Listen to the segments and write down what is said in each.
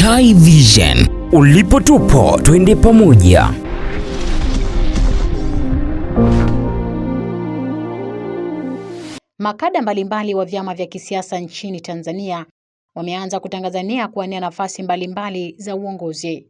Tai Vision. Ulipo tupo, twende pamoja. Makada mbalimbali wa vyama vya kisiasa nchini Tanzania wameanza kutangaza nia kuwania nafasi mbalimbali za uongozi.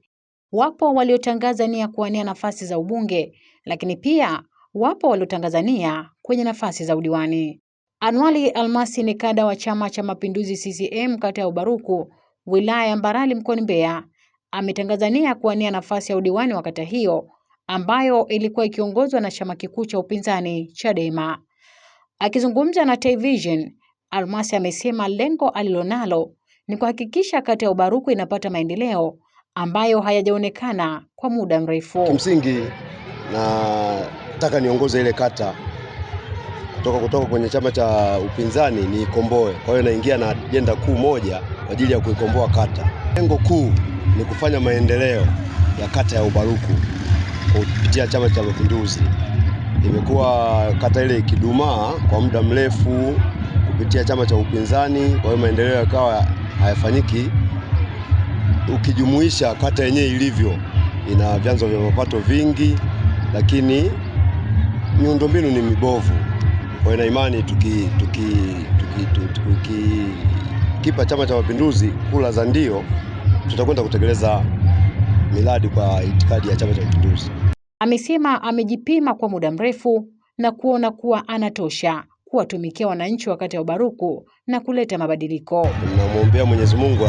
Wapo waliotangaza nia kuwania nafasi za ubunge, lakini pia wapo waliotangaza nia kwenye nafasi za udiwani. Anwali Almasi ni kada wa Chama cha Mapinduzi CCM kata ya Ubaruku wilaya ya Mbarali mkoani Mbeya ametangaza nia ya kuwania nafasi ya udiwani wa kata hiyo ambayo ilikuwa ikiongozwa na chama kikuu cha upinzani Chadema. Akizungumza na Television, Almasi amesema lengo alilonalo ni kuhakikisha kata ya Ubaruku inapata maendeleo ambayo hayajaonekana kwa muda mrefu. Kimsingi nataka niongoze ile kata kutoka, kutoka kwenye chama cha upinzani ni ikomboe. Kwa hiyo naingia na ajenda kuu moja kwa ajili ya kuikomboa kata. Lengo kuu ni kufanya maendeleo ya kata ya Ubaruku kupitia Chama cha Mapinduzi. Imekuwa kata ile ikidumaa kwa muda mrefu kupitia chama cha upinzani, kwa hiyo maendeleo yakawa hayafanyiki. Ukijumuisha kata yenyewe ilivyo, ina vyanzo vya mapato vingi, lakini miundombinu ni mibovu. Kwa na imani tuki, tuki, tuki, tuki, kipa Chama cha Mapinduzi kula za ndio, tutakwenda kutekeleza miradi kwa itikadi ya Chama cha Mapinduzi. Amesema amejipima kwa muda mrefu na kuona kuwa anatosha kuwatumikia wananchi wakati wa ubaruku na kuleta mabadiliko. Namwombea Mwenyezi Mungu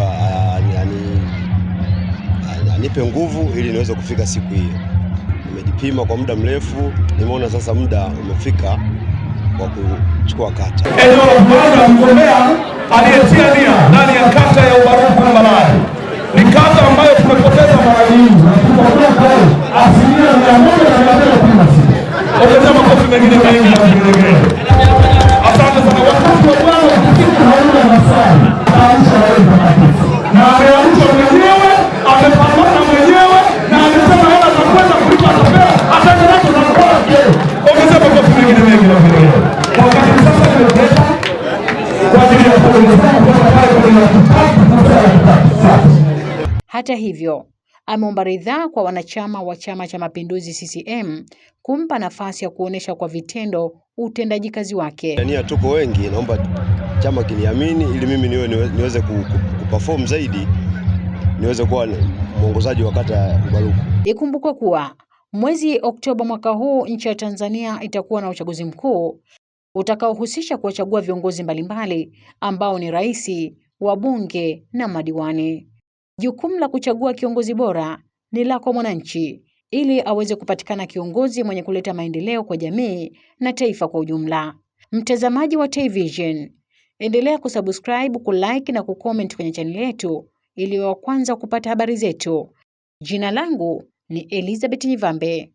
anipe nguvu ili niweze kufika siku hiyo. Nimejipima kwa muda mrefu, nimeona sasa muda umefika kwa kuchukua kata. Eneo mgombea aliyetia nia ndani ya kata ya Ubaruku Hata hivyo ameomba ridhaa kwa wanachama wa Chama cha Mapinduzi CCM kumpa nafasi ya kuonesha kwa vitendo utendaji kazi wake. Tanzania tuko wengi, naomba chama kiniamini ili mimi niwe niweze kuperform zaidi, niweze kuwa mwongozaji wa kata ya Ubaruku. Ikumbukwe kuwa mwezi Oktoba mwaka huu nchi ya Tanzania itakuwa na uchaguzi mkuu utakaohusisha kuwachagua viongozi mbalimbali ambao ni rais, wabunge na madiwani. Jukumu la kuchagua kiongozi bora ni lako mwananchi, ili aweze kupatikana kiongozi mwenye kuleta maendeleo kwa jamii na taifa kwa ujumla. Mtazamaji wa television, endelea kusubscribe, kulike na kucomment kwenye chaneli yetu ili wa kwanza kupata habari zetu. Jina langu ni Elizabeth Nyivambe.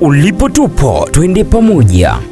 ulipo tupo, twende pamoja.